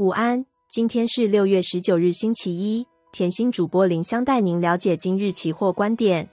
午安，今天是六月十九日，星期一。甜心主播林香帶您了解今日期貨觀點。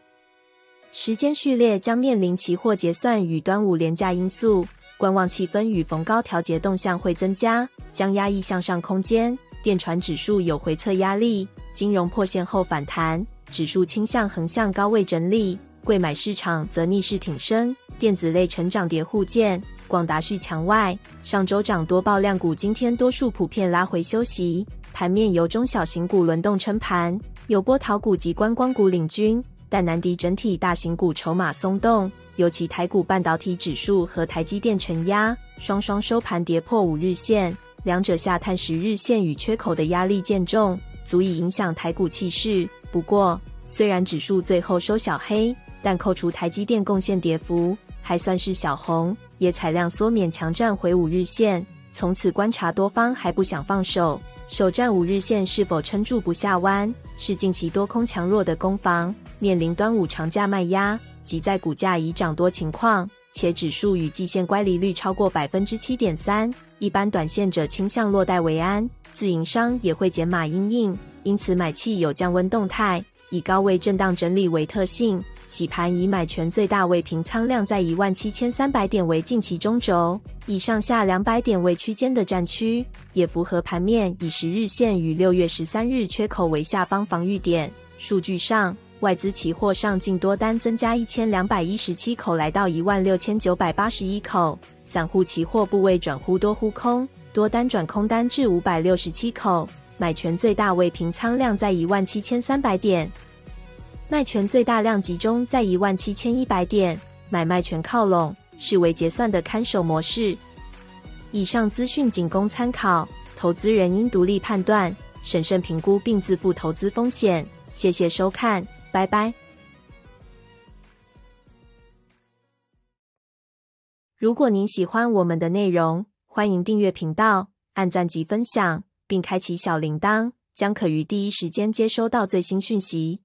時間序列將面臨期貨結算與端午連假因素，觀望氣氛與逢高調節動向會增加，將壓抑向上空間。電傳指數有回測壓力，金融破線後反彈，指數傾向橫向高位整理。櫃買市場則逆勢挺升，電子類呈漲跌互見。廣達續強外，上週漲多爆量股，今天多數普遍拉回休息。盤面由中小型股輪動撐盤，由玻陶股及觀光股領軍，但難敵整體大型股籌碼鬆動。尤其台股半導體指數和台積電承壓，雙雙收盤跌破五日線，兩者下探十日線與缺口的壓力漸重，足以影響台股氣勢。不過，雖然指數最後收小黑，但扣除台積電貢獻跌幅，還算是小紅，也採量縮勉強站回五日線，從此觀察多方還不想放手，首戰五日線是否撐住不下彎，是近期多空強弱的攻防，面臨端午長假賣壓，及在股價已漲多情況，且指數與季線乖離率超過百分之七點三，一般短線者傾向落袋為安，自營商也會減碼因應，因此買氣有降溫動態，以高位震盪整理為特性。洗盤以買權最大未平倉量在一萬七千三百點為近期中軸，以上下兩百點為區間的戰區，也符合盤面以十日線與六月十三日缺口為下方防禦點。數據上，外資期貨上淨多單增加一千兩百一十七口，來到一萬六千九百八十一口；散戶期貨部位轉忽多忽空，多單轉空單至五百六十七口，買權最大未平倉量在一萬七千三百點。賣權最大量集中在一萬七千一百點，買賣權靠攏，視為結算的看守模式。以上資訊僅供參考，投資人應獨立判斷，審慎評估並自負投資風險。謝謝收看，拜拜。如果您喜歡我們的內容，歡迎訂閱頻道，按贊及分享，並開啟小鈴鐺，將可於第一時間接收到最新訊息。